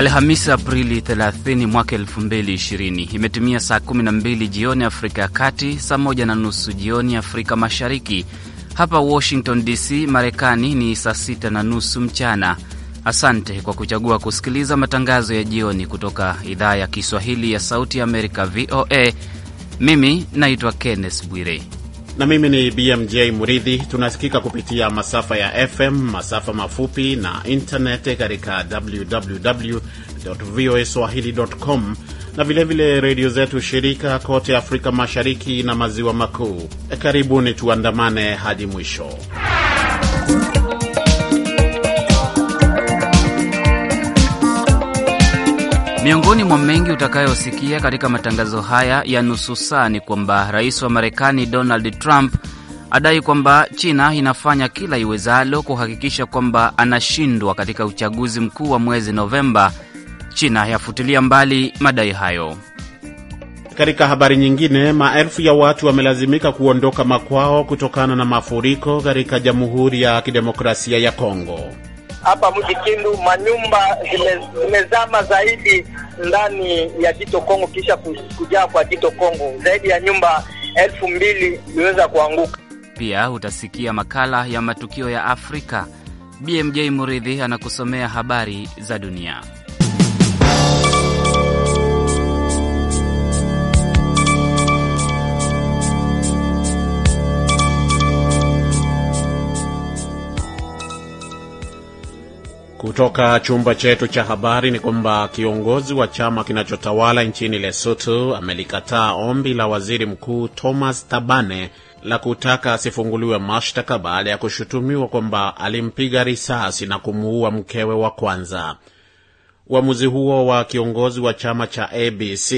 Alhamisi, Aprili 30 mwaka 2020. Imetimia saa 12 jioni Afrika ya Kati, saa moja na nusu jioni Afrika Mashariki. Hapa Washington DC, Marekani ni saa sita na nusu mchana. Asante kwa kuchagua kusikiliza matangazo ya jioni kutoka idhaa ya Kiswahili ya Sauti ya Amerika, VOA. Mimi naitwa Kenneth Bwire na mimi ni BMJ Muridhi. Tunasikika kupitia masafa ya FM, masafa mafupi na intaneti katika www voa swahili.com na vilevile redio zetu shirika kote Afrika Mashariki na Maziwa Makuu. Karibuni tuandamane hadi mwisho. Miongoni mwa mengi utakayosikia katika matangazo haya ya nusu saa ni kwamba rais wa Marekani Donald Trump adai kwamba China inafanya kila iwezalo kuhakikisha kwamba anashindwa katika uchaguzi mkuu wa mwezi Novemba. China yafutilia mbali madai hayo. Katika habari nyingine, maelfu ya watu wamelazimika kuondoka makwao kutokana na mafuriko katika Jamhuri ya Kidemokrasia ya Kongo hapa mji Kindu, manyumba zimezama zaidi ndani ya jito Kongo, kisha kujaa kwa jito Kongo, zaidi ya nyumba elfu mbili iliweza kuanguka. Pia utasikia makala ya matukio ya Afrika. BMJ Muridhi anakusomea habari za dunia. Kutoka chumba chetu cha habari ni kwamba kiongozi wa chama kinachotawala nchini Lesotho amelikataa ombi la waziri mkuu Thomas Tabane la kutaka asifunguliwe mashtaka baada ya kushutumiwa kwamba alimpiga risasi na kumuua mkewe wa kwanza. Uamuzi huo wa kiongozi wa chama cha ABC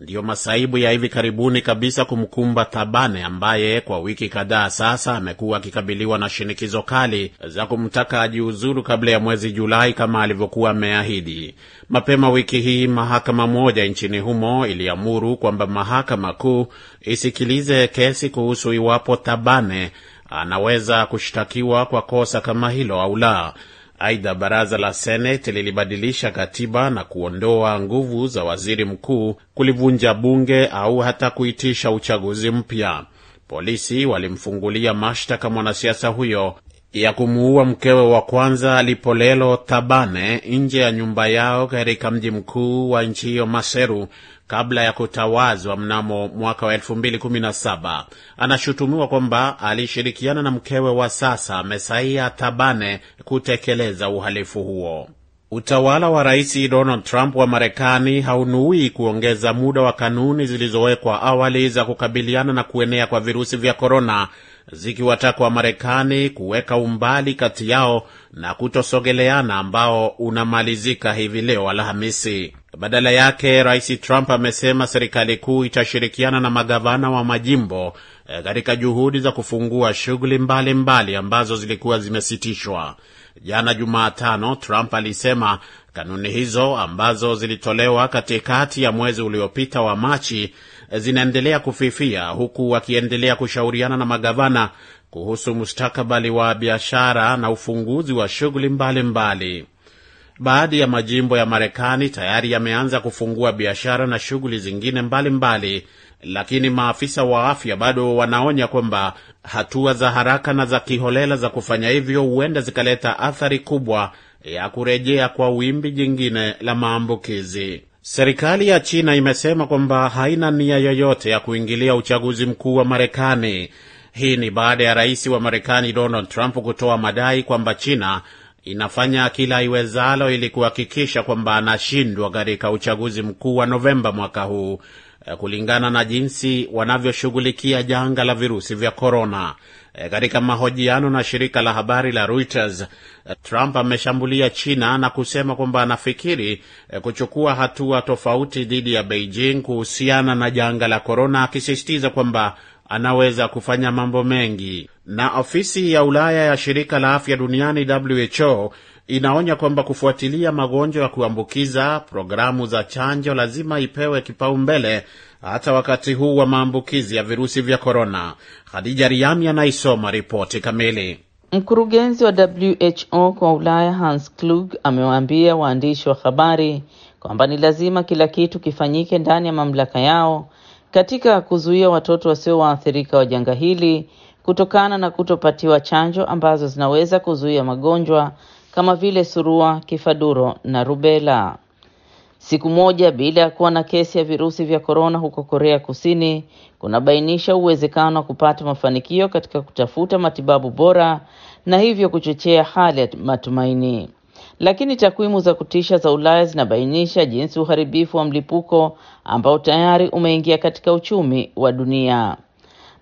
ndiyo masaibu ya hivi karibuni kabisa kumkumba Thabane ambaye kwa wiki kadhaa sasa amekuwa akikabiliwa na shinikizo kali za kumtaka ajiuzuru kabla ya mwezi Julai kama alivyokuwa ameahidi. Mapema wiki hii mahakama moja nchini humo iliamuru kwamba mahakama kuu isikilize kesi kuhusu iwapo Thabane anaweza kushtakiwa kwa kosa kama hilo au la. Aidha, baraza la Seneti lilibadilisha katiba na kuondoa nguvu za waziri mkuu kulivunja bunge au hata kuitisha uchaguzi mpya. Polisi walimfungulia mashtaka mwanasiasa huyo ya kumuua mkewe wa kwanza Lipolelo Thabane nje ya nyumba yao katika mji mkuu wa nchi hiyo Maseru kabla ya kutawazwa mnamo mwaka wa 2017. Anashutumiwa kwamba alishirikiana na mkewe wa sasa Mesaia Thabane kutekeleza uhalifu huo. Utawala wa Rais Donald Trump wa Marekani haunui kuongeza muda wa kanuni zilizowekwa awali za kukabiliana na kuenea kwa virusi vya korona zikiwataka Wamarekani kuweka umbali kati yao na kutosogeleana ambao unamalizika hivi leo Alhamisi. Badala yake, Rais Trump amesema serikali kuu itashirikiana na magavana wa majimbo eh, katika juhudi za kufungua shughuli mbalimbali ambazo zilikuwa zimesitishwa. Jana Jumatano, Trump alisema kanuni hizo ambazo zilitolewa katikati ya mwezi uliopita wa Machi zinaendelea kufifia huku wakiendelea kushauriana na magavana kuhusu mustakabali wa biashara na ufunguzi wa shughuli mbalimbali. Baadhi ya majimbo ya Marekani tayari yameanza kufungua biashara na shughuli zingine mbalimbali mbali, lakini maafisa wa afya bado wanaonya kwamba hatua za haraka na za kiholela za kufanya hivyo huenda zikaleta athari kubwa ya kurejea kwa wimbi jingine la maambukizi. Serikali ya China imesema kwamba haina nia yoyote ya kuingilia uchaguzi mkuu wa Marekani. Hii ni baada ya rais wa Marekani Donald Trump kutoa madai kwamba China inafanya kila iwezalo ili kuhakikisha kwamba anashindwa katika uchaguzi mkuu wa Novemba mwaka huu eh, kulingana na jinsi wanavyoshughulikia janga la virusi vya korona. Eh, katika mahojiano na shirika la habari la Reuters, eh, Trump ameshambulia China na kusema kwamba anafikiri eh, kuchukua hatua tofauti dhidi ya Beijing kuhusiana na janga la korona, akisisitiza kwamba anaweza kufanya mambo mengi. Na ofisi ya Ulaya ya shirika la afya duniani WHO inaonya kwamba kufuatilia magonjwa ya kuambukiza, programu za chanjo lazima ipewe kipaumbele hata wakati huu wa maambukizi ya virusi vya korona. Khadija Riami anaisoma ripoti kamili. Mkurugenzi wa WHO kwa Ulaya Hans Klug amewaambia waandishi wa habari kwamba ni lazima kila kitu kifanyike ndani ya mamlaka yao katika kuzuia watoto wasio waathirika wa janga hili kutokana na kutopatiwa chanjo ambazo zinaweza kuzuia magonjwa kama vile surua, kifaduro na rubela siku moja bila ya kuwa na kesi ya virusi vya korona huko Korea Kusini kunabainisha uwezekano wa kupata mafanikio katika kutafuta matibabu bora na hivyo kuchochea hali ya matumaini. Lakini takwimu za kutisha za Ulaya zinabainisha jinsi uharibifu wa mlipuko ambao tayari umeingia katika uchumi wa dunia.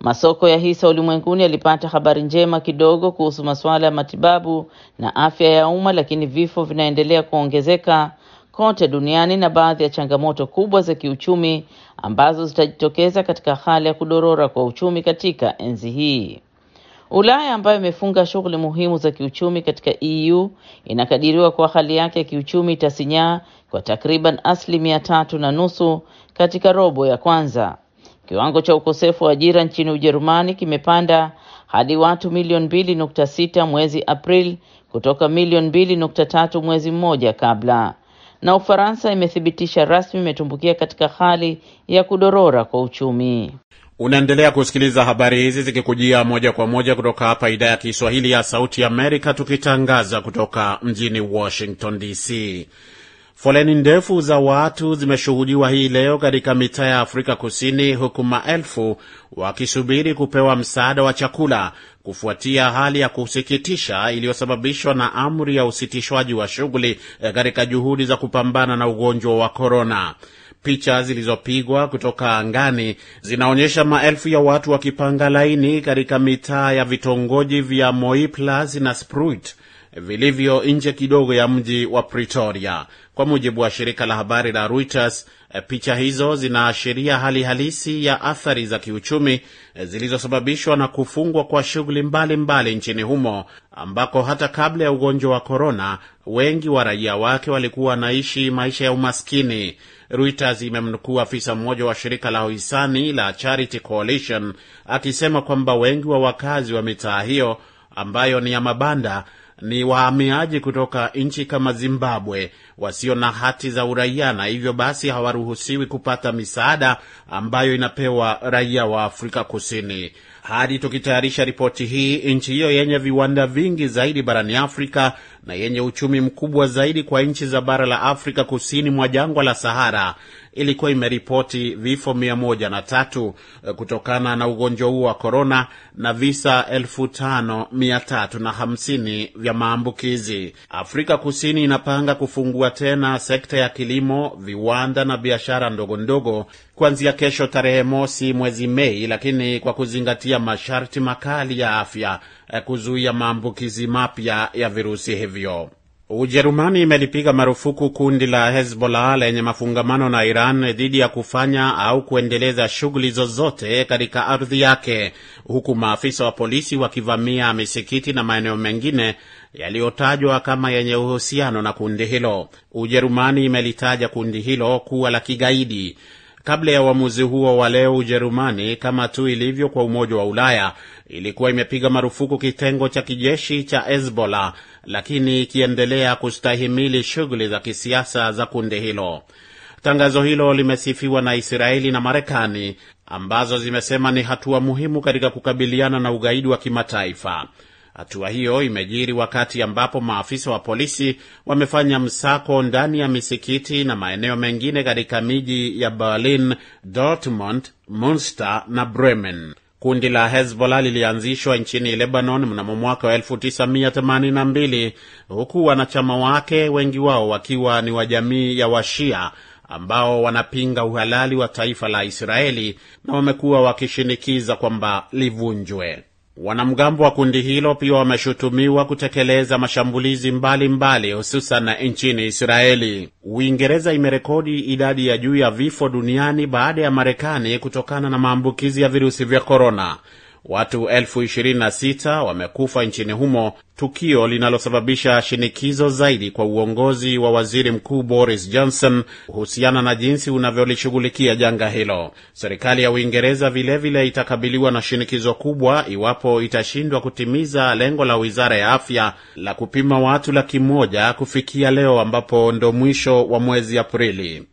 Masoko ya hisa ulimwenguni yalipata habari njema kidogo kuhusu masuala ya matibabu na afya ya umma, lakini vifo vinaendelea kuongezeka kote duniani na baadhi ya changamoto kubwa za kiuchumi ambazo zitajitokeza katika hali ya kudorora kwa uchumi katika enzi hii. Ulaya ambayo imefunga shughuli muhimu za kiuchumi katika EU inakadiriwa kuwa hali yake ya kiuchumi itasinyaa kwa takriban asilimia tatu na nusu katika robo ya kwanza. Kiwango cha ukosefu wa ajira nchini Ujerumani kimepanda hadi watu milioni mbili nukta sita mwezi april kutoka milioni mbili nukta tatu mwezi mmoja kabla na Ufaransa imethibitisha rasmi imetumbukia katika hali ya kudorora kwa uchumi. Unaendelea kusikiliza habari hizi zikikujia moja kwa moja kutoka hapa idhaa ya Kiswahili ya Sauti Amerika, tukitangaza kutoka mjini Washington DC. Foleni ndefu za watu zimeshuhudiwa hii leo katika mitaa ya Afrika Kusini, huku maelfu wakisubiri kupewa msaada wa chakula kufuatia hali ya kusikitisha iliyosababishwa na amri ya usitishwaji wa shughuli eh, katika juhudi za kupambana na ugonjwa wa korona. Picha zilizopigwa kutoka angani zinaonyesha maelfu ya watu wakipanga laini katika mitaa ya vitongoji vya Moiplas na Spruit eh, vilivyo nje kidogo ya mji wa Pretoria. Kwa mujibu wa shirika la habari la Reuters, Eh, picha hizo zinaashiria hali halisi ya athari za kiuchumi eh, zilizosababishwa na kufungwa kwa shughuli mbalimbali nchini humo ambako hata kabla ya ugonjwa wa korona wengi wa raia wake walikuwa wanaishi maisha ya umaskini. Reuters imemnukuu afisa mmoja wa shirika la hisani la Charity Coalition akisema kwamba wengi wa wakazi wa mitaa hiyo ambayo ni ya mabanda ni wahamiaji kutoka nchi kama Zimbabwe wasio na hati za uraia, na hivyo basi hawaruhusiwi kupata misaada ambayo inapewa raia wa Afrika Kusini. Hadi tukitayarisha ripoti hii, nchi hiyo yenye viwanda vingi zaidi barani Afrika na yenye uchumi mkubwa zaidi kwa nchi za bara la Afrika kusini mwa jangwa la Sahara ilikuwa imeripoti vifo 13 eh, kutokana na ugonjwa huo wa korona na visa 5350 vya maambukizi. Afrika Kusini inapanga kufungua tena sekta ya kilimo, viwanda na biashara ndogo ndogo kuanzia kesho tarehe mosi mwezi Mei, lakini kwa kuzingatia masharti makali ya afya eh, kuzuia maambukizi mapya ya virusi hivyo. Ujerumani imelipiga marufuku kundi la Hezbollah lenye mafungamano na Iran dhidi ya kufanya au kuendeleza shughuli zozote katika ardhi yake, huku maafisa wa polisi wakivamia misikiti na maeneo mengine yaliyotajwa kama yenye uhusiano na kundi hilo. Ujerumani imelitaja kundi hilo kuwa la kigaidi. Kabla ya uamuzi huo wa leo, Ujerumani kama tu ilivyo kwa Umoja wa Ulaya ilikuwa imepiga marufuku kitengo cha kijeshi cha Hezbollah, lakini ikiendelea kustahimili shughuli za kisiasa za kundi hilo. Tangazo hilo limesifiwa na Israeli na Marekani ambazo zimesema ni hatua muhimu katika kukabiliana na ugaidi wa kimataifa. Hatua hiyo imejiri wakati ambapo maafisa wa polisi wamefanya msako ndani ya misikiti na maeneo mengine katika miji ya Berlin, Dortmund, Munster na Bremen. Kundi la Hezbollah lilianzishwa nchini Lebanon mnamo mwaka wa 1982 huku wanachama wake wengi wao wakiwa ni wa jamii ya Washia ambao wanapinga uhalali wa taifa la Israeli na wamekuwa wakishinikiza kwamba livunjwe. Wanamgambo wa kundi hilo pia wameshutumiwa kutekeleza mashambulizi mbalimbali hususan nchini Israeli. Uingereza imerekodi idadi ya juu ya vifo duniani baada ya Marekani kutokana na maambukizi ya virusi vya korona. Watu elfu ishirini na sita wamekufa nchini humo, tukio linalosababisha shinikizo zaidi kwa uongozi wa waziri mkuu Boris Johnson kuhusiana na jinsi unavyolishughulikia janga hilo. Serikali ya Uingereza vilevile itakabiliwa na shinikizo kubwa iwapo itashindwa kutimiza lengo la wizara ya afya la kupima watu laki moja kufikia leo ambapo ndo mwisho wa mwezi Aprili.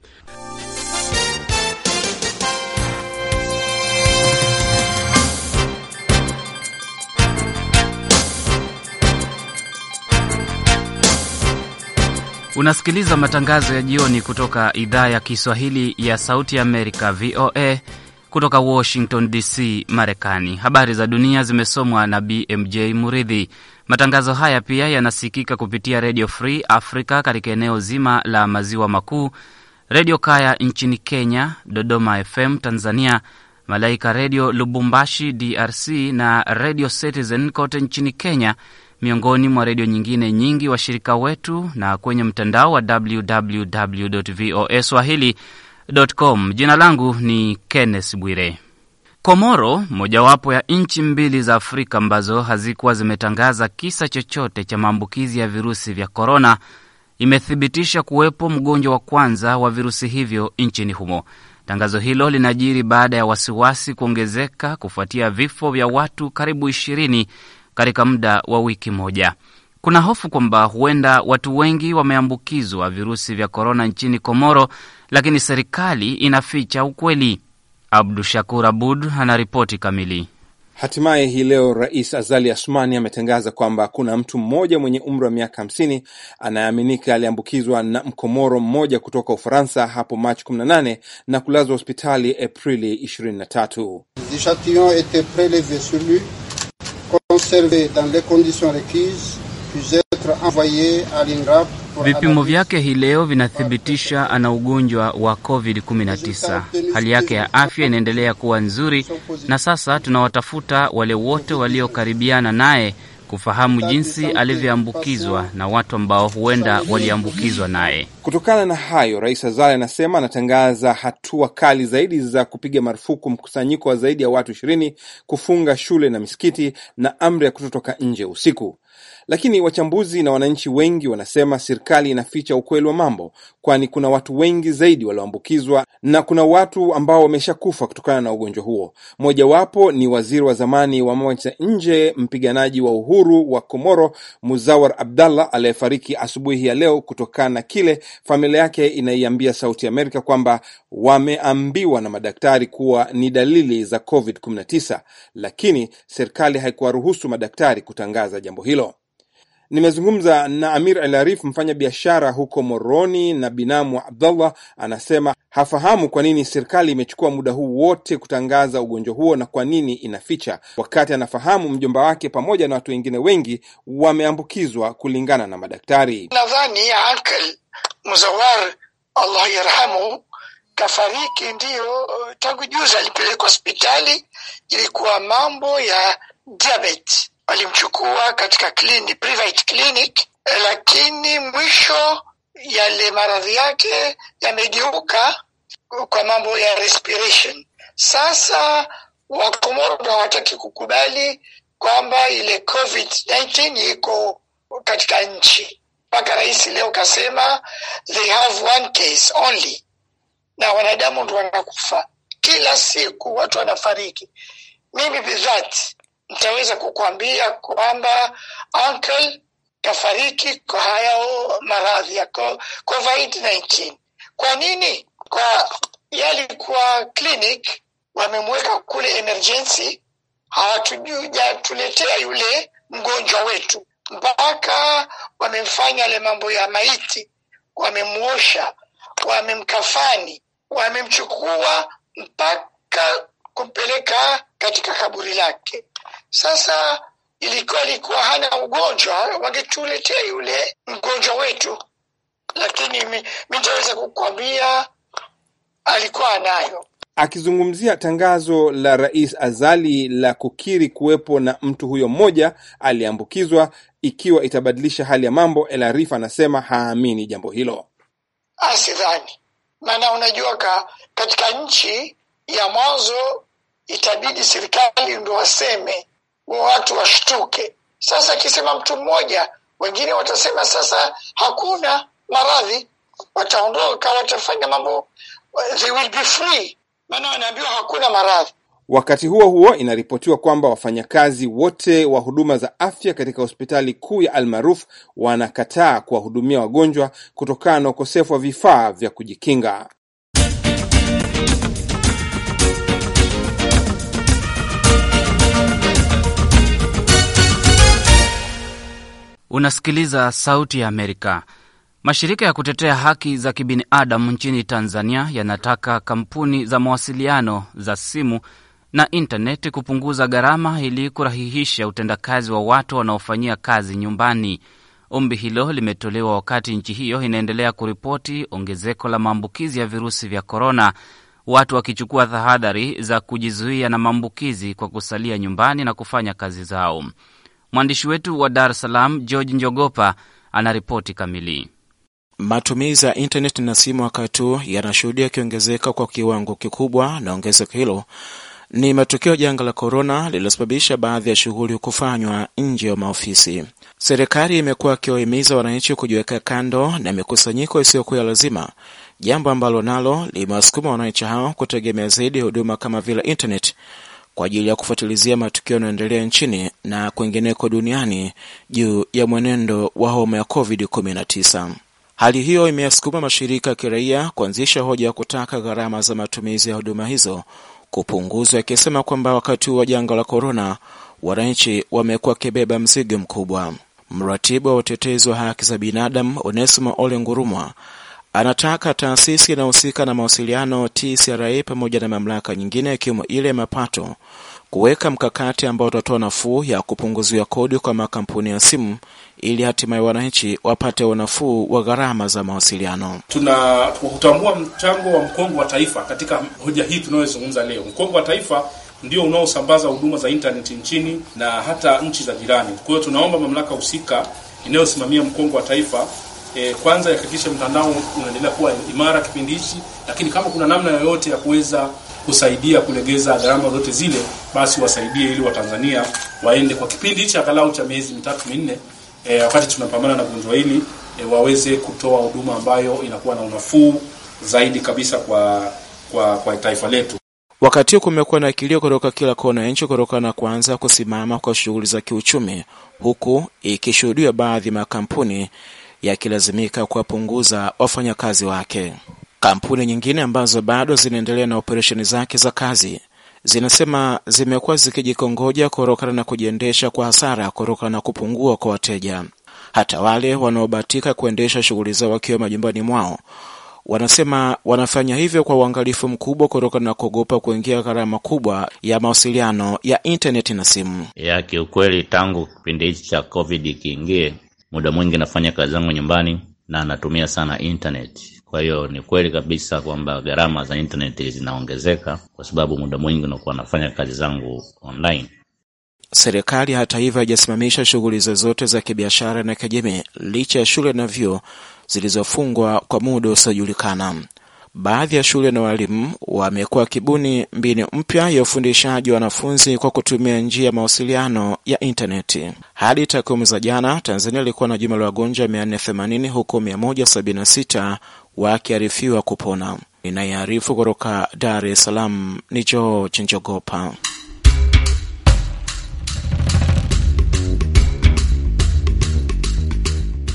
Unasikiliza matangazo ya jioni kutoka idhaa ya Kiswahili ya Sauti Amerika, VOA, kutoka Washington DC, Marekani. Habari za dunia zimesomwa na BMJ Muridhi. Matangazo haya pia yanasikika kupitia Redio Free Africa katika eneo zima la maziwa makuu, Redio Kaya nchini Kenya, Dodoma FM Tanzania, Malaika Redio Lubumbashi DRC na Redio Citizen kote nchini Kenya, miongoni mwa redio nyingine nyingi washirika wetu na kwenye mtandao wa www voa swahili.com. Jina langu ni Kenneth Bwire. Komoro, mojawapo ya nchi mbili za Afrika ambazo hazikuwa zimetangaza kisa chochote cha maambukizi ya virusi vya korona, imethibitisha kuwepo mgonjwa wa kwanza wa virusi hivyo nchini humo. Tangazo hilo linajiri baada ya wasiwasi kuongezeka kufuatia vifo vya watu karibu ishirini katika muda wa wiki moja. Kuna hofu kwamba huenda watu wengi wameambukizwa virusi vya korona nchini Komoro, lakini serikali inaficha ukweli. Abdu Shakur Abud anaripoti kamili. Hatimaye hii leo Rais Azali Asmani ametangaza kwamba kuna mtu mmoja mwenye umri wa miaka hamsini anayeaminika aliambukizwa na Mkomoro mmoja kutoka Ufaransa hapo Machi 18 na kulazwa hospitali Aprili 23 conservés dans les conditions requises puissent être envoyé à l'INRAP. Vipimo vyake hii leo vinathibitisha ana ugonjwa wa COVID-19. Hali yake ya afya inaendelea kuwa nzuri, na sasa tunawatafuta wale wote waliokaribiana naye kufahamu jinsi alivyoambukizwa na watu ambao huenda waliambukizwa naye. Kutokana na hayo, Rais Azali anasema anatangaza hatua kali zaidi za kupiga marufuku mkusanyiko wa zaidi ya watu ishirini, kufunga shule na misikiti na amri ya kutotoka nje usiku. Lakini wachambuzi na wananchi wengi wanasema serikali inaficha ukweli wa mambo, kwani kuna watu wengi zaidi walioambukizwa na kuna watu ambao wameshakufa kutokana na ugonjwa huo. Mojawapo ni waziri wa zamani wa mambo ya nje mpiganaji wa uhuru wa Komoro Muzawar Abdallah aliyefariki asubuhi ya leo kutokana na kile familia yake inaiambia Sauti Amerika kwamba wameambiwa na madaktari kuwa ni dalili za COVID-19, lakini serikali haikuwaruhusu madaktari kutangaza jambo hilo. Nimezungumza na Amir Al Arif, mfanya biashara huko Moroni na binamu Abdallah, anasema hafahamu kwa nini serikali imechukua muda huu wote kutangaza ugonjwa huo na kwa nini inaficha, wakati anafahamu mjomba wake pamoja na watu wengine wengi wameambukizwa kulingana na madaktari. Nadhani Muzawar Allah yarhamu kafariki, ndiyo tangu juzi alipelekwa hospitali, ilikuwa mambo ya diabetes walimchukua katika clinic, private clinic, lakini mwisho yale maradhi yake yamegeuka kwa mambo ya respiration. Sasa Wakomoro ndo hawataki kukubali kwamba ile COVID-19 iko katika nchi. Mpaka rais leo kasema they have one case only, na wanadamu ndo wanakufa kila siku, watu wanafariki. Mimi bidhati nitaweza kukuambia kwamba uncle kafariki kwa hayo maradhi ya COVID-19. Kwa nini? Kwa yalikuwa clinic wamemweka kule emergency, hawatujatuletea yule mgonjwa wetu, mpaka wamemfanya yale mambo ya maiti, wamemwosha, wamemkafani, wamemchukua mpaka kumpeleka katika kaburi lake. Sasa ilikuwa alikuwa hana ugonjwa, wangetuletea yule mgonjwa wetu, lakini mi kukwambia alikuwa anayo. Akizungumzia tangazo la Rais Azali la kukiri kuwepo na mtu huyo mmoja aliyeambukizwa ikiwa itabadilisha hali ya mambo, El Arif anasema haamini jambo hilo. Asidhani, maana unajua ka, katika nchi ya mwanzo itabidi serikali ndo waseme watu washtuke. Sasa akisema mtu mmoja, wengine watasema sasa hakuna maradhi, wataondoka, watafanya mambo, they will be free, maana wanaambiwa hakuna maradhi. Wakati huo huo, inaripotiwa kwamba wafanyakazi wote wa huduma za afya katika hospitali kuu ya Almaruf wanakataa kuwahudumia wagonjwa kutokana na ukosefu wa vifaa vya kujikinga. Unasikiliza Sauti ya Amerika. Mashirika ya kutetea haki za kibinadamu nchini Tanzania yanataka kampuni za mawasiliano za simu na intaneti kupunguza gharama ili kurahihisha utendakazi wa watu wanaofanyia kazi nyumbani. Ombi hilo limetolewa wakati nchi hiyo inaendelea kuripoti ongezeko la maambukizi ya virusi vya korona, watu wakichukua tahadhari za kujizuia na maambukizi kwa kusalia nyumbani na kufanya kazi zao. Mwandishi wetu wa Dar es Salaam George Njogopa anaripoti kamili. Matumizi ya intaneti na simu wakati huu yanashuhudia yakiongezeka kwa kiwango kikubwa, na ongezeko hilo ni matokeo ya janga la korona lililosababisha baadhi ya shughuli kufanywa nje ya maofisi. Serikali imekuwa akiwahimiza wananchi kujiweka kando na mikusanyiko isiyokuwa ya lazima, jambo ambalo nalo limewasukuma wananchi hao kutegemea zaidi huduma kama vile intaneti kwa ajili ya kufuatilizia matukio yanayoendelea nchini na kwingineko duniani juu ya mwenendo wa homa ya COVID-19. Hali hiyo imeyasukuma mashirika ya kiraia kuanzisha hoja ya kutaka gharama za matumizi ya huduma hizo kupunguzwa, ikisema kwamba wakati huu wa janga la korona wananchi wamekuwa wakibeba mzigo mkubwa. Mratibu wa utetezi wa haki za binadamu Onesimo Ole Ngurumwa Anataka taasisi inayohusika na mawasiliano TCRA pamoja na mamlaka nyingine ikiwemo ile ya mapato kuweka mkakati ambao utatoa nafuu ya kupunguziwa kodi kwa makampuni ya simu ili hatimaye wananchi wapate unafuu wa gharama za mawasiliano. Tuna kutambua mchango wa mkongo wa taifa katika hoja hii tunayozungumza leo. Mkongo wa taifa ndio unaosambaza huduma za intaneti nchini na hata nchi za jirani. Kwa hiyo tunaomba mamlaka husika inayosimamia mkongo wa taifa eh, kwanza yahakikishe mtandao unaendelea kuwa imara kipindi hichi, lakini kama kuna namna yoyote ya kuweza kusaidia kulegeza gharama zote zile, basi wasaidie ili Watanzania waende kwa kipindi hichi angalau cha miezi mitatu minne, eh, wakati tunapambana na gonjwa hili eh, waweze kutoa huduma ambayo inakuwa na unafuu zaidi kabisa kwa kwa, kwa taifa letu. Wakati huu kumekuwa na kilio kutoka kila kona ya nchi kutokana na kuanza kusimama kwa shughuli za kiuchumi, huku ikishuhudiwa baadhi ya makampuni yakilazimika kuwapunguza wafanyakazi wake. Kampuni nyingine ambazo bado zinaendelea na operesheni zake za kazi zinasema zimekuwa zikijikongoja kutokana na kujiendesha kwa hasara kutokana na kupungua kwa wateja. Hata wale wanaobahatika kuendesha shughuli zao wakiwa majumbani mwao wanasema wanafanya hivyo kwa uangalifu mkubwa kutokana na kuogopa kuingia gharama kubwa ya mawasiliano ya intaneti na simu. Ya kiukweli, tangu kipindi hichi cha COVID kiingie, muda mwingi nafanya kazi zangu nyumbani na natumia sana internet. Kwa hiyo ni kweli kabisa kwamba gharama za internet zinaongezeka kwa sababu muda mwingi nakuwa nafanya kazi zangu online. Serikali hata hivyo haijasimamisha shughuli zozote za kibiashara na kijamii licha ya shule na vyuo zilizofungwa kwa muda usiojulikana baadhi ya shule na walimu wamekuwa kibuni mbinu mpya ya ufundishaji wa wanafunzi kwa kutumia njia ya mawasiliano ya intaneti. Hadi takwimu za jana, Tanzania ilikuwa na jumla ya wagonjwa 480 huku 176 wakiarifiwa kupona. Ninayearifu kutoka Dar es Salaam ni Joo Njogopa.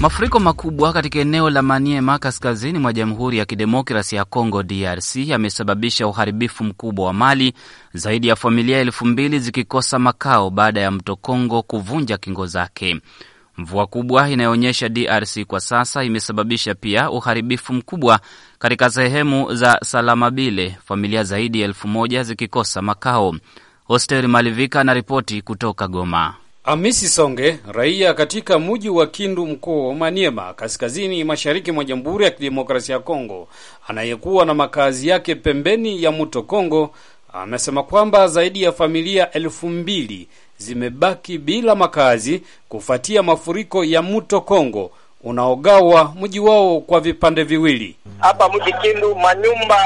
Mafuriko makubwa katika eneo la Maniema kaskazini mwa Jamhuri ya Kidemokrasi ya congo DRC yamesababisha uharibifu mkubwa wa mali, zaidi ya familia elfu mbili zikikosa makao baada ya mto Kongo kuvunja kingo zake. Mvua kubwa inayoonyesha DRC kwa sasa imesababisha pia uharibifu mkubwa katika sehemu za Salamabile, familia zaidi ya elfu moja zikikosa makao. Hoster Malivika anaripoti kutoka Goma. Amisi Songe, raia katika mji wa Kindu, mkoa wa Maniema, kaskazini mashariki mwa Jamhuri ya Kidemokrasia ya Kongo, anayekuwa na makazi yake pembeni ya mto Kongo, amesema kwamba zaidi ya familia elfu mbili zimebaki bila makazi kufuatia mafuriko ya mto Kongo unaogawa mji wao kwa vipande viwili. Hapa mji Kindu manyumba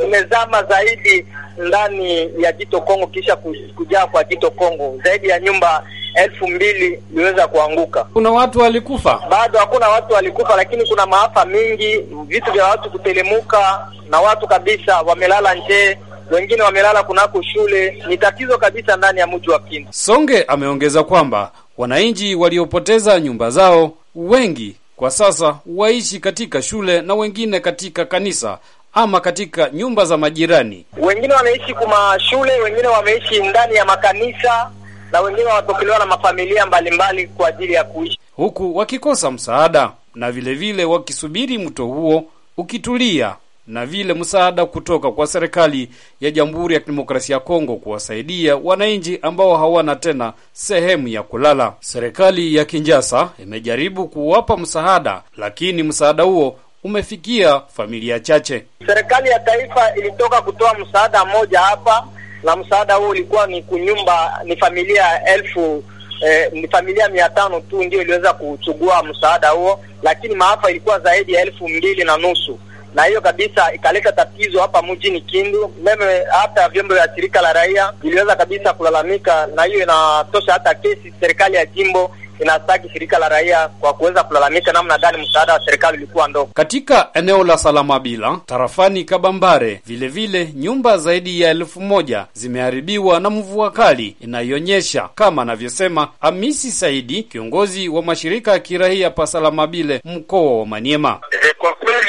zimezama zaidi ndani ya Jito Kongo, kisha kujaa kwa Jito Kongo, zaidi ya nyumba elfu mbili iliweza kuanguka. Kuna watu walikufa? Bado hakuna watu walikufa, lakini kuna maafa mingi, vitu vya watu kutelemuka na watu kabisa wamelala nje wengine wamelala kunako shule. Ni tatizo kabisa ndani ya mji wa Kindu. Songe ameongeza kwamba wananchi waliopoteza nyumba zao wengi kwa sasa waishi katika shule na wengine katika kanisa ama katika nyumba za majirani. Wengine wanaishi kwa shule, wengine wameishi ndani ya makanisa na wengine wanatokelewa na mafamilia mbalimbali kwa ajili ya kuishi huku wakikosa msaada na vilevile vile wakisubiri mto huo ukitulia na vile msaada kutoka kwa serikali ya Jamhuri ya Kidemokrasia ya Kongo kuwasaidia wananchi ambao hawana tena sehemu ya kulala. Serikali ya kinjasa imejaribu kuwapa msaada, lakini msaada huo umefikia familia chache. Serikali ya taifa ilitoka kutoa msaada mmoja hapa, na msaada huo ulikuwa ni kunyumba, ni familia elfu eh, ni familia mia tano tu ndio iliweza kuchugua msaada huo, lakini maafa ilikuwa zaidi ya elfu mbili na nusu na hiyo kabisa ikaleta tatizo hapa mjini Kindu. Meme hata vyombo vya shirika la raia viliweza kabisa kulalamika, na hiyo inatosha hata kesi serikali ya jimbo inastaki shirika la raia kwa kuweza kulalamika namna gani msaada wa serikali ulikuwa ndogo katika eneo la Salamabila tarafani Kabambare. Vilevile vile, nyumba zaidi ya elfu moja zimeharibiwa na mvua kali inayoonyesha, kama anavyosema amisi Saidi, kiongozi wa mashirika ya kiraia pa Salamabile, mkoa wa Maniema. Eh, kwa kweli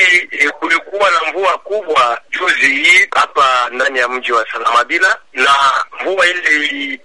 kulikuwa na mvua kubwa juzi hii hapa ndani ya mji wa Salamabila, na mvua ile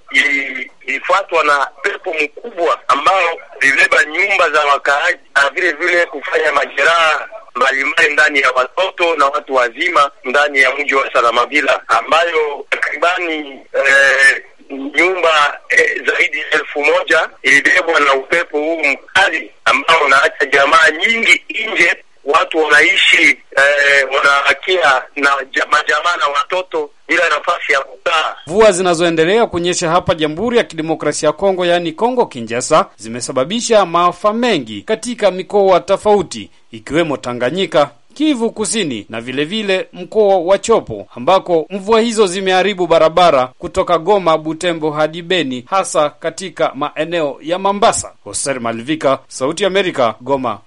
ilifuatwa na pepo mkubwa ambao ilibeba nyumba za wakaaji na vile vile kufanya majeraha mbalimbali ndani ya watoto na watu wazima ndani ya mji wa Salamabila ambayo takribani eh, nyumba eh, zaidi ya elfu moja ilibebwa na upepo huu mkali ambao unaacha jamaa nyingi nje watu wanaishi eh, wanahakia na majamaa na watoto bila nafasi ya kukaa. Mvua zinazoendelea kunyesha hapa Jamhuri ya Kidemokrasia ya Kongo, yaani Kongo kinjasa zimesababisha maafa mengi katika mikoa tofauti ikiwemo Tanganyika, Kivu Kusini na vilevile mkoa wa Chopo ambako mvua hizo zimeharibu barabara kutoka Goma, Butembo hadi Beni, hasa katika maeneo ya Mambasa. Hoser Malvika, Sauti ya Amerika, Goma.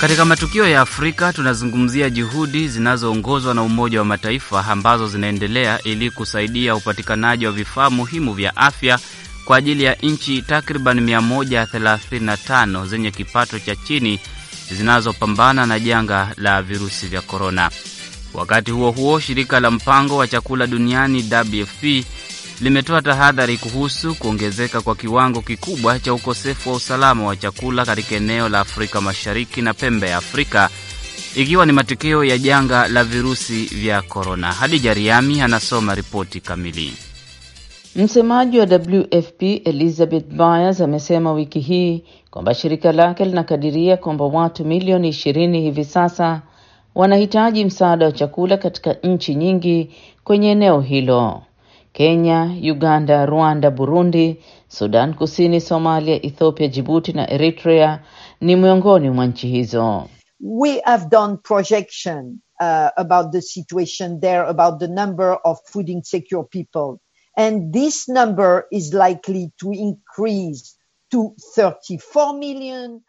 Katika matukio ya Afrika tunazungumzia juhudi zinazoongozwa na Umoja wa Mataifa ambazo zinaendelea ili kusaidia upatikanaji wa vifaa muhimu vya afya kwa ajili ya nchi takriban 135 zenye kipato cha chini zinazopambana na janga la virusi vya korona. Wakati huo huo, shirika la mpango wa chakula duniani WFP limetoa tahadhari kuhusu kuongezeka kwa kiwango kikubwa cha ukosefu wa usalama wa chakula katika eneo la Afrika Mashariki na pembe ya Afrika ikiwa ni matokeo ya janga la virusi vya korona. Hadija Riami anasoma ripoti kamili. Msemaji wa WFP Elizabeth Byers amesema wiki hii kwamba shirika lake linakadiria kwamba watu milioni 20 hivi sasa wanahitaji msaada wa chakula katika nchi nyingi kwenye eneo hilo. Kenya, Uganda, Rwanda, Burundi, Sudan Kusini, Somalia, Ethiopia, Jibuti na Eritrea ni miongoni mwa nchi hizo. We have done projection uh, about the situation there about the number of food insecure people and this number is likely to increase to 34 million.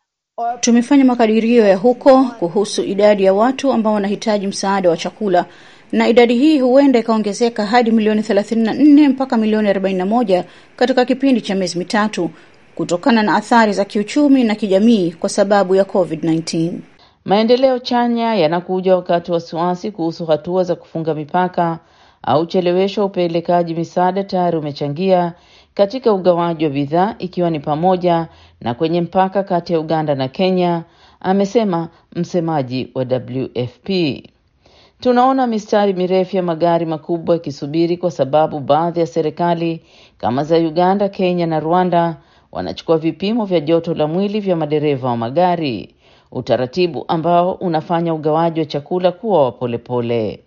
Tumefanya makadirio ya huko kuhusu idadi ya watu ambao wanahitaji msaada wa chakula na idadi hii huenda ikaongezeka hadi milioni 34 mpaka milioni 41 katika kipindi cha miezi mitatu kutokana na athari za kiuchumi na kijamii kwa sababu ya COVID-19. Maendeleo chanya yanakuja wakati wasiwasi kuhusu hatua za kufunga mipaka au chelewesho upelekaji misaada tayari umechangia katika ugawaji wa bidhaa ikiwa ni pamoja na kwenye mpaka kati ya Uganda na Kenya, amesema msemaji wa WFP. Tunaona mistari mirefu ya magari makubwa yakisubiri kwa sababu baadhi ya serikali kama za Uganda, Kenya na Rwanda wanachukua vipimo vya joto la mwili vya madereva wa magari, utaratibu ambao unafanya ugawaji wa chakula kuwa wa polepole.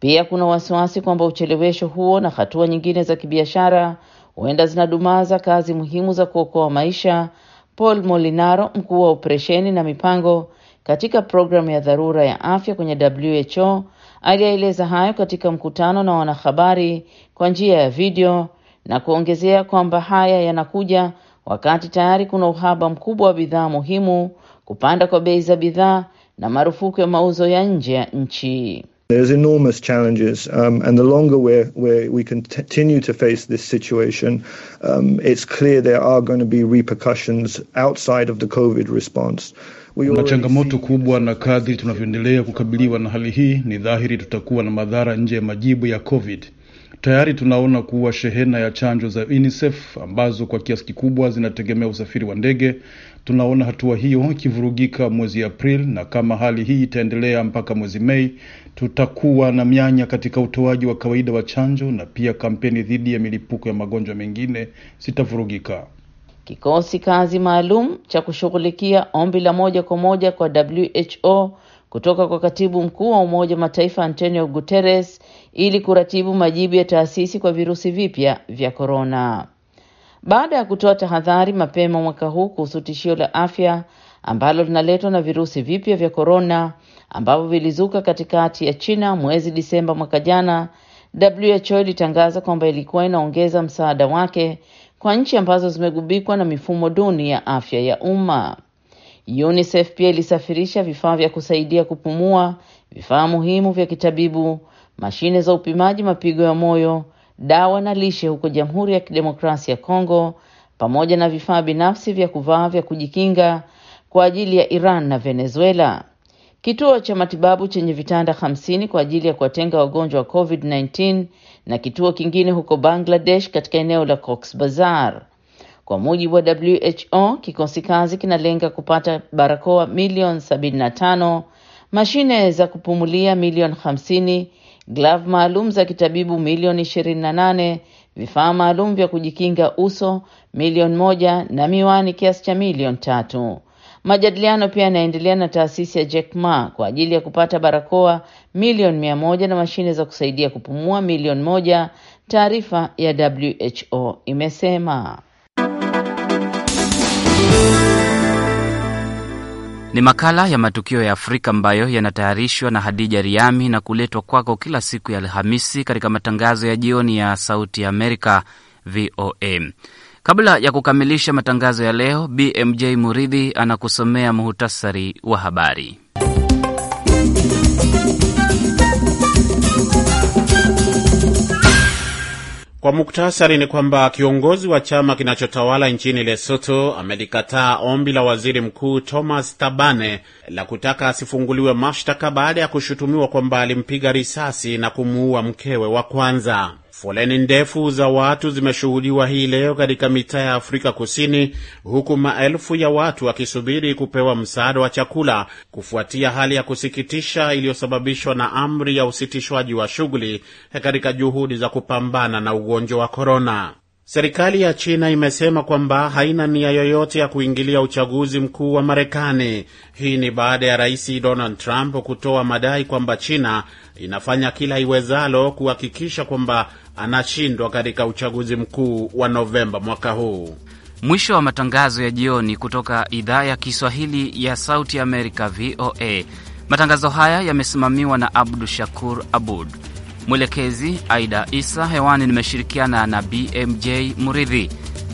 Pia kuna wasiwasi kwamba uchelewesho huo na hatua nyingine za kibiashara huenda zinadumaza kazi muhimu za kuokoa maisha. Paul Molinaro, mkuu wa operesheni na mipango katika programu ya dharura ya afya kwenye WHO. aliyeeleza hayo katika mkutano na wanahabari kwa njia ya video na kuongezea kwamba haya yanakuja wakati tayari kuna uhaba mkubwa wa bidhaa muhimu, kupanda kwa bei za bidhaa na marufuku ya mauzo ya nje ya nchi. There's enormous challenges um, and the longer we're, we're, we continue to face this situation, um, it's clear there are going to be repercussions outside of the COVID response. Kuna changamoto kubwa, na kadri tunavyoendelea kukabiliwa na hali hii, ni dhahiri tutakuwa na madhara nje ya majibu ya COVID. Tayari tunaona kuwa shehena ya chanjo za UNICEF ambazo kwa kiasi kikubwa zinategemea usafiri wa ndege, tunaona hatua hiyo ikivurugika mwezi Aprili, na kama hali hii itaendelea mpaka mwezi Mei, tutakuwa na mianya katika utoaji wa kawaida wa chanjo, na pia kampeni dhidi ya milipuko ya magonjwa mengine zitavurugika. Kikosi kazi maalum cha kushughulikia ombi la moja kwa moja kwa WHO kutoka kwa Katibu Mkuu wa Umoja wa Mataifa Antonio Guterres ili kuratibu majibu ya taasisi kwa virusi vipya vya korona. Baada ya kutoa tahadhari mapema mwaka huu kuhusu tishio la afya ambalo linaletwa na virusi vipya vya korona ambavyo vilizuka katikati ya China mwezi Disemba mwaka jana, WHO ilitangaza kwamba ilikuwa inaongeza msaada wake kwa nchi ambazo zimegubikwa na mifumo duni ya afya ya umma. UNICEF pia ilisafirisha vifaa vya kusaidia kupumua, vifaa muhimu vya kitabibu, mashine za upimaji mapigo ya moyo, dawa na lishe huko Jamhuri ya Kidemokrasia ya Kongo, pamoja na vifaa binafsi vya kuvaa vya kujikinga kwa ajili ya Iran na Venezuela kituo cha matibabu chenye vitanda hamsini kwa ajili ya kuwatenga wagonjwa wa COVID-19 na kituo kingine huko Bangladesh katika eneo la Cox Bazar. Kwa mujibu wa WHO, kikosi kazi kinalenga kupata barakoa milioni 75, mashine za kupumulia milioni 50, glavu maalum za kitabibu milioni 28, vifaa maalum vya kujikinga uso milioni moja na miwani kiasi cha milioni tatu. Majadiliano pia yanaendelea na taasisi ya Jack Ma kwa ajili ya kupata barakoa milioni mia moja na mashine za kusaidia kupumua milioni moja, taarifa ya WHO imesema. Ni makala ya matukio ya Afrika ambayo yanatayarishwa na Hadija Riami na kuletwa kwako kila siku ya Alhamisi katika matangazo ya jioni ya Sauti ya Amerika, VOA. Kabla ya kukamilisha matangazo ya leo, BMJ Muridhi anakusomea muhutasari wa habari. Kwa muktasari ni kwamba kiongozi wa chama kinachotawala nchini Lesotho amelikataa ombi la waziri mkuu Thomas Tabane la kutaka asifunguliwe mashtaka baada ya kushutumiwa kwamba alimpiga risasi na kumuua mkewe wa kwanza. Foleni ndefu za watu zimeshuhudiwa hii leo katika mitaa ya Afrika Kusini, huku maelfu ya watu wakisubiri kupewa msaada wa chakula kufuatia hali ya kusikitisha iliyosababishwa na amri ya usitishwaji wa shughuli katika juhudi za kupambana na ugonjwa wa korona. Serikali ya China imesema kwamba haina nia yoyote ya kuingilia uchaguzi mkuu wa Marekani. Hii ni baada ya Rais Donald Trump kutoa madai kwamba China inafanya kila iwezalo kuhakikisha kwamba anashindwa katika uchaguzi mkuu wa Novemba mwaka huu. Mwisho wa matangazo ya jioni kutoka idhaa ya Kiswahili ya Sauti Amerika, VOA. Matangazo haya yamesimamiwa na Abdu Shakur Abud, mwelekezi Aida Isa. Hewani nimeshirikiana na BMJ Muridhi.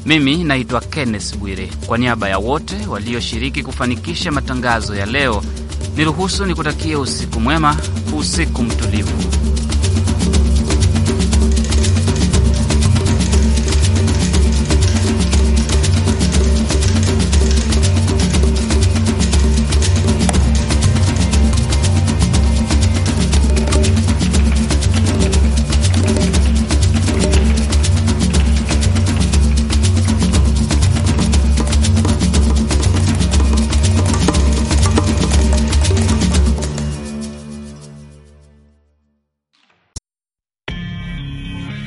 Mimi naitwa Kenneth Bwire. Kwa niaba ya wote walioshiriki kufanikisha matangazo ya leo, niruhusu nikutakie usiku mwema, usiku mtulivu.